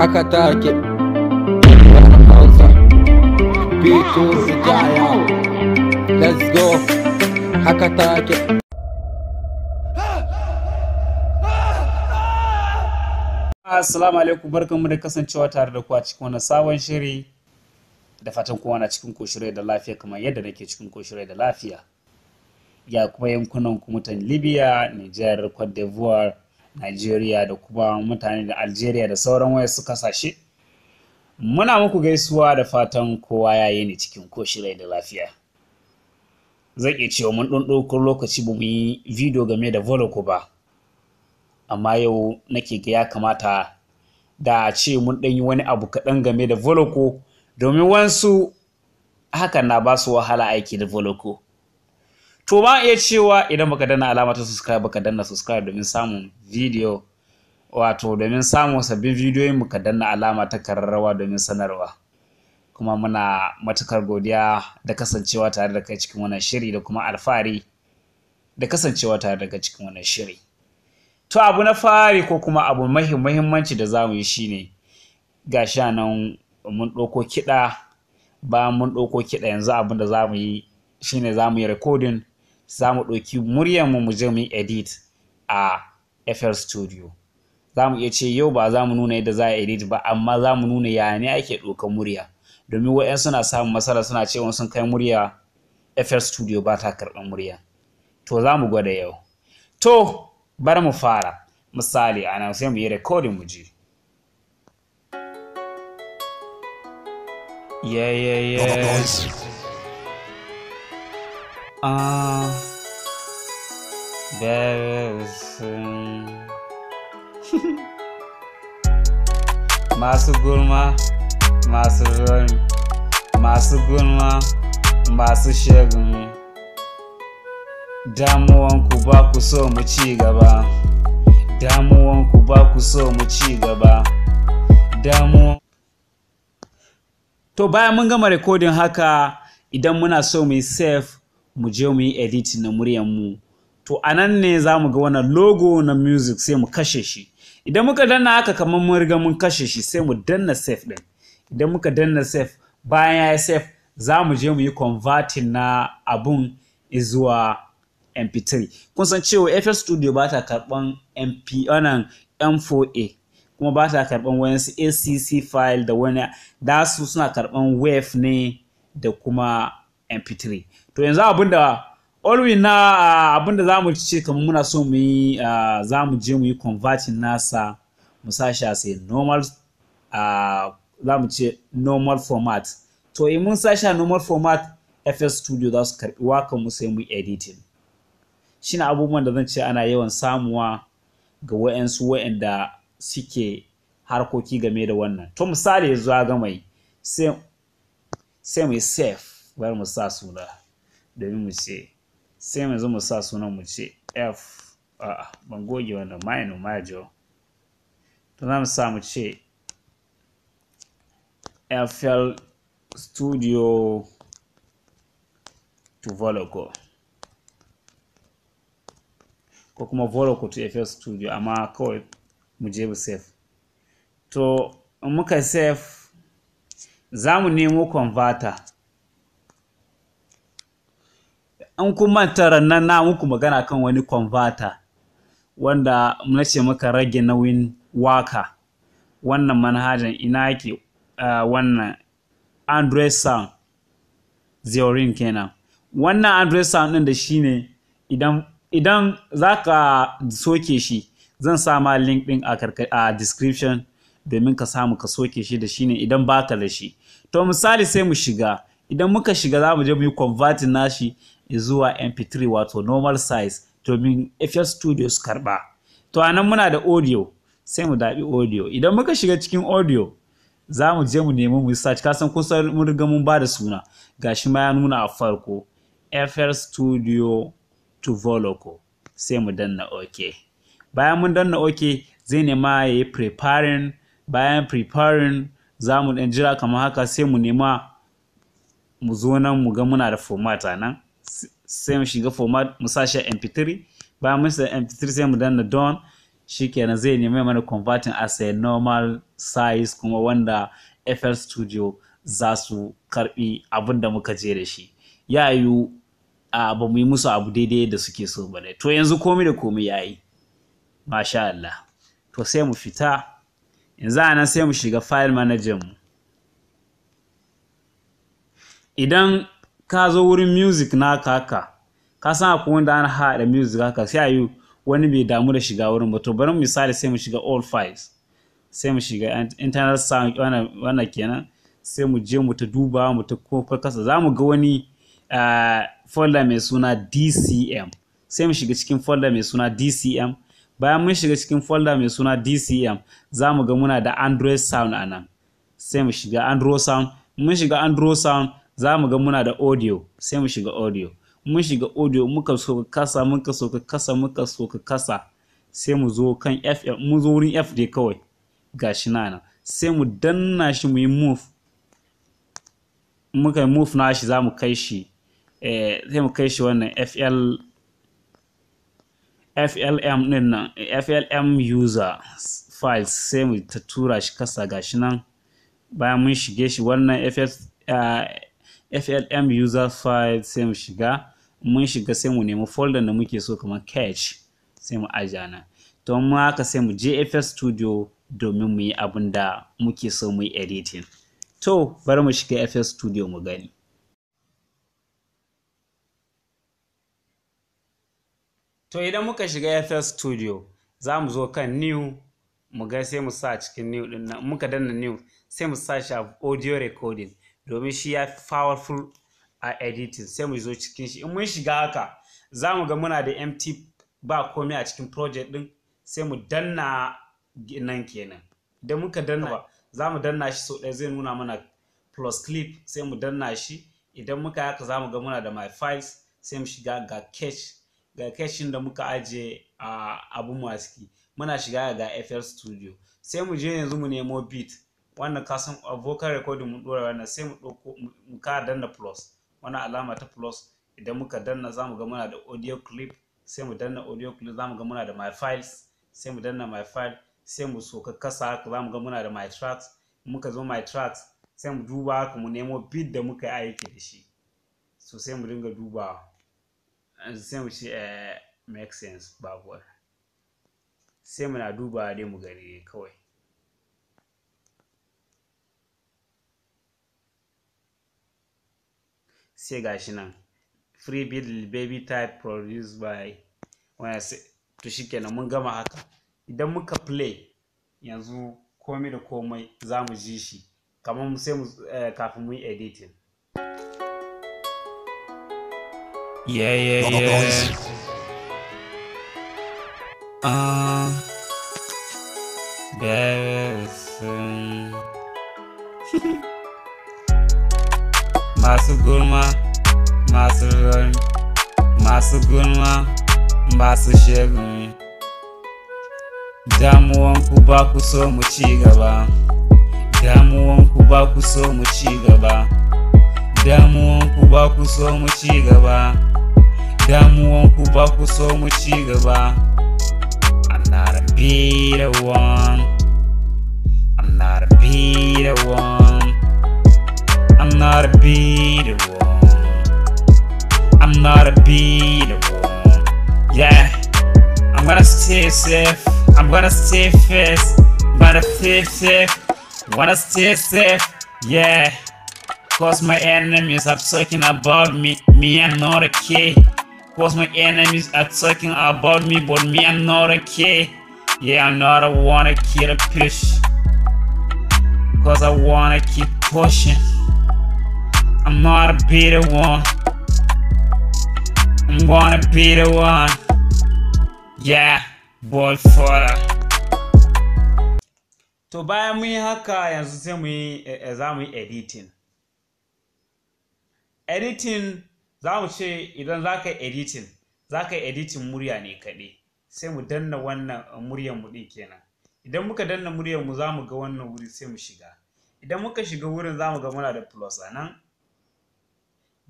haka take let's go haka take Assalamu alaikum barkanmu da kasancewa tare da ku a cikin wannan sabon shiri da fatan kowa na cikin koshire da lafiya kamar yadda nake cikin koshire da lafiya ya kuma yankunan kuma mutan Libya, Niger, Cote d'Ivoire Najeriya da kuma mutane da Algeria da sauran wasu kasashe. Muna muku gaisuwa da fatan kowa ya yi ni cikin rai da lafiya. Zan iya cewa mun ɗan lokaci ba mu yi video game da Voloko ba, amma yau nake ga ya kamata da a ce mun ɗan yi wani abu kaɗan game da Voloko domin wansu hakan na ba su wahala aiki da Voloko. to ba iya cewa idan baka danna alama ta subscribe baka danna subscribe domin samun video wato domin samun sabbin bidiyoyin mu ka danna alama ta kararrawa domin sanarwa kuma muna matukar godiya da kasancewa tare da kai cikin wannan shiri da kuma alfahari da kasancewa tare da kai cikin wannan shiri to abu na fari ko kuma abu mahi muhimmanci da za mu yi shine ga sha nan mun ɗauko kiɗa bayan mun ɗauko kiɗa yanzu abin da za mu yi shine za mu yi recording za mu ɗauki muryar mu je mu edit a FL Studio. Za mu iya ce yau ba za mu nuna yadda za a edit ba amma za mu nuna ya ne ake ɗaukar murya. Domin wa'yan suna samun matsala suna cewa sun kai murya FL Studio ba ta karɓar murya. To za mu gwada yau. To bar mu fara. Misali ana sai mu yi recording mu je. Yeah, yeah, yeah. Ah, masu gulma, masu roni, masu gulma, masu shagun. Damuwanku ba ku so mu ci gaba. Damuwanku ba ku so mu ci gaba. damu To bayan mun gama rikodin haka idan muna so mu yi safe mu je mu yi edit na muryan mu to anan ne za mu ga wannan logo na music sai mu kashe shi idan muka danna haka kamar mun riga mun kashe shi sai mu danna save din idan muka danna save bayan ya save za mu je mu yi converting na abun zuwa mp3 kun san cewa FL Studio ba ta karban mp wannan m4a kuma ba ta karban wani acc file da wani da su suna karban wave ne da kuma mp3 to yanzu abin da olwin na abin da za mu ce kamar muna so mu yi za mu je mu yi converting nasa mu sa shi a sai normal za mu ce normal format to in mun sa a normal format fs studio za su karbi waka mu sai mu editing shine abubuwan da zan ce ana yawan samuwa ga wa'yansu wa'yanda suke harkoki game da wannan to misali zuwa ga mai sai mai safe bayan mu sa suna domin mu ce sai mu zama sa sunan mu ce f a ban goge wannan minor jo? to za mu sa mu ce FL Studio to Voloco ko kuma Voloco to FL Studio amma kawai mu je mu save to in muka save za mu nemo converter an kuma manta nan na muku magana kan wani kwamfata wanda na ce maka rage nauyin waka wannan manhajan ina yake ah, wannan andresan zeorin kenan wannan andresan sound din da shine idan idan zaka soke shi zan sama link ɗin a description domin ka samu ka soke shi da shine idan baka da shi to misali sai mu shiga idan muka shiga za mu je mu yi converting nashi zuwa mp3 wato normal size domin FL Studio su karba. To anan muna da audio sai mu daɓi audio idan muka shiga cikin audio za mu je mu nemi mu search kasan san mun riga mun ba da suna gashi ma ya nuna a farko FL Studio Voloco. sai mu danna OK. Bayan mun danna OK zai nema ya yi preparing bayan preparing za mu ɗan jira kamar haka sai mu nema mu zo nan mu ga muna da format a nan. sai mu shiga format mu sa shi mp3 bayan mun sa mp3 sai mu danna don shikenan zai nemi mana converting as a normal size kuma wanda FL Studio za su karbi abin da muka je da shi ya yiwu a ba mu yi musu abu daidai da suke so ba ne to yanzu komai da komai ya yi masha Allah to sai mu fita yanzu a sai mu shiga file manager mu idan ka zo wurin music na ka ka san akwai wanda ana haɗa music haka sai ayi wani bai damu da shiga wurin ba to bari misali sai mu shiga all files sai mu shiga internet sound wannan kenan sai mu je mu ta duba mu ta kasa za mu ga wani eh, folder mai suna dcm sai mu shiga cikin folder mai suna dcm bayan mun shiga cikin folder mai suna dcm za mu ga muna da android sound a nan sai mu shiga android sound mun shiga android sound za mu ga muna da audio sai mu shiga audio mun shiga audio muka so ka kasa muka so ka kasa muka so ka kasa sai mu zo kan fm mu zo wurin f dai kawai gashi na sai mu danna shi mu yi move muka move na shi za mu kai shi eh, sai mu kai shi wannan fl flm din nan flm user files sai mu ta tura shi kasa gashi nan bayan mun shige shi wannan fs uh, flm user file sai mu shiga mun shiga sai mu nemi folder da muke so kamar cache sai mu ajiye nan to mu haka sai mu je fs studio domin mu yi abin da muke so mu yi editing to bari mu shiga fs studio mu gani to idan muka shiga fs studio za mu zo kan new mu ga sai mu sa cikin new din nan muka danna new sai mu sa shi audio recording domin shi ya fi powerful a editing sai mu zo cikin shi in mun shiga haka za mu ga muna da mt ba komai a cikin project din sai mu danna nan kenan da muka danna za mu danna shi sau ɗaya zai nuna mana plus clip sai mu danna shi idan muka haka za mu ga muna da my files sai mu shiga ga cache ga cache da muka ajiye a abun muna shiga ga FL Studio sai mu je yanzu mu nemo beat wannan kasan vocal recording mun dora wannan sai mu dauko mu ka danna plus wani alama ta plus idan muka danna zamu ga muna da audio clip sai mu danna audio clip zamu ga muna da my files sai mu danna my file sai mu soka kasa haka zamu ga muna da my tracks muka zo my tracks sai mu duba haka mu nemo bit da muka yi aiki da shi so sai mu dinga duba sai mu ce eh, make sense babu sai muna duba dai mu gani kawai sai ga shi nan free bid baby type produced by wani to shi kenan mun gama haka idan muka play yanzu komai da komai za mu ji shi kamar sai mu eh, kafin mu yi editing yeah yeah yeah ah uh, yes masu gulma masu rani masu gulma masu shegumi damuwanku ba ku so mu ci gaba damuwanku ba ku so mu ci gaba damuwanku ba ku so mu ci gaba damuwanku ba ku so mu ci gaba I'm not a of one I'm not a of one one. I'm not a beat one. Yeah, I'm gonna stay safe. I'm gonna stay first. Gonna stay safe. Wanna stay safe. Yeah. Cause my enemies are talking about me. Me, I'm not okay. Cause my enemies are talking about me, but me, I'm not okay. Yeah, I'm not a wanna keep a push. Cause I wanna keep pushing. I'm gonna be the one. I'm gonna be the one. Yeah, To bayan mun yi haka yanzu sai mu yi eh, eh, za mu yi editing. Editing za mu ce idan za ka editing, za ka editing murya ne kaɗai. Sai mu danna wannan eh, muryan mu ɗin kenan. Idan muka danna muryan mu za mu ga wannan wuri sai mu shiga. Idan muka shiga wurin za mu ga muna da plus a nan.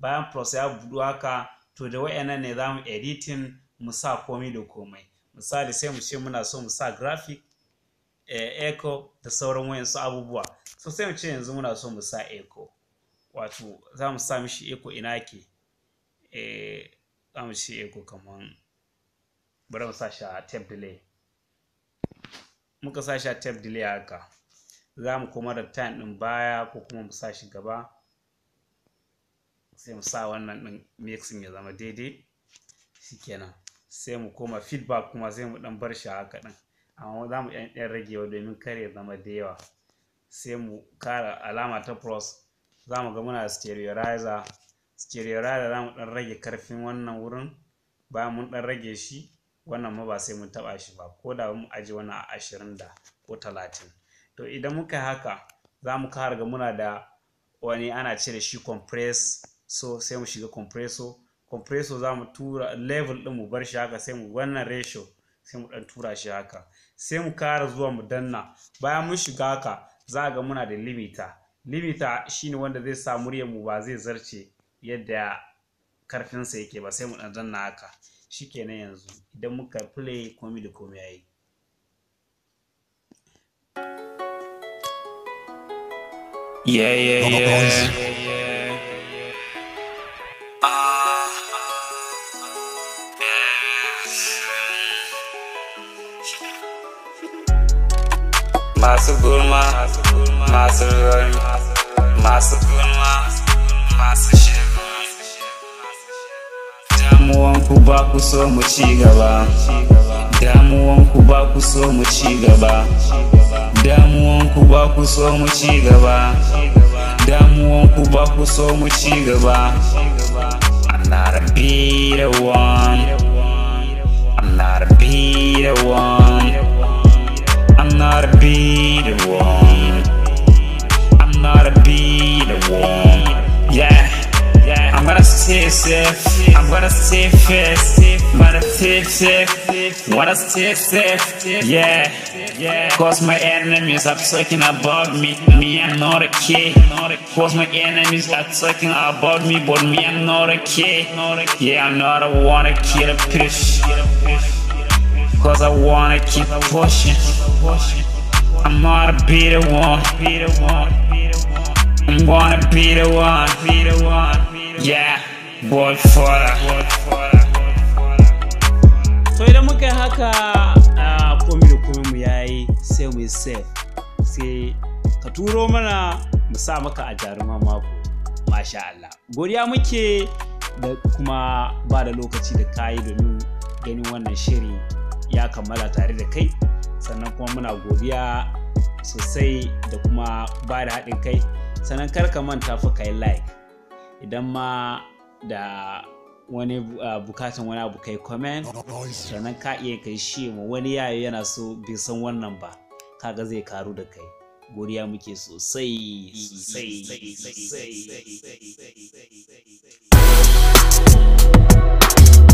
bayan process ya budu haka to da wayannan ne zamu mu editing mu sa komai da komai misali sai mu ce muna so mu sa graphic eh, echo da sauran wayansu abubuwa so sai mu ce yanzu muna so mu sa echo wato za mu sa mishi echo ina ke eh, za mu ce echo kaman bari mu sa shi a tape delay muka sa shi a tape delay haka za mu koma da time ɗin baya ko kuma mu sa shi gaba sai mu sa wannan ɗin mixin ya zama daidai shikenan sai mu koma feedback kuma sai mu ɗan bar shi haka ɗin amma za mu ɗan ragewa domin kar ya zama da yawa sai mu kara alama ta plus za mu ga muna stereorizer stereorizer za mu ɗan rage karfin wannan wurin bayan mun ɗan rage shi wannan ma ba sai mun taɓa shi ba ko da mu aji wannan a ashirin da ko talatin to idan muka yi haka za mu kara ga muna da wani ana cire shi compress so sai mu shiga compressor compressor za mu tura level din mu bar shi haka sai mu wannan ratio sai mu dan tura shi haka sai mu kara zuwa mu danna bayan mun shiga haka za ga muna da limiter limiter shine wanda zai sa muryar mu ba zai zarce yadda karfin sa yake ba sai mu dan danna haka shikenan yanzu idan muka play komai da komai yayi yeah. yeah, yeah. masu gulma masu rari masu gulma masu shirma damuwanku ba ku so mu ci gaba damuwanku ba ku so mu ci gaba damuwanku ba ku so mu ci gaba damuwanku ba ku so mu ci gaba ana rabe da I'm gonna stay fit, Wanna stay safe. Wanna stay safe. Yeah. yeah. Cause my enemies are talking about me. Me, I'm not a kid. Cause my enemies are talking about me. But me, I'm not a kid. Yeah, I'm not a wanna kid a push. Cause I wanna keep pushing. I'm not a the one. I'm gonna be the one. Be the one. Yeah. bol fora to idan muka yi haka a komi da komi mu yayi sai mu yi sai ka turo mana mu sa maka a jaruman mako masha Allah godiya muke da kuma ba da lokaci da kayi domin ganin wannan shiri ya kammala tare da kai sannan kuma muna godiya sosai da kuma ba da haɗin kai sannan kar ka manta fa ka yi like idan ma da wani uh, bukatan wani abu kai comment sannan ka iya kai shi ma wani yayi yana so bai san wannan ba kaga zai karu da kai godiya muke sosai sosai sosai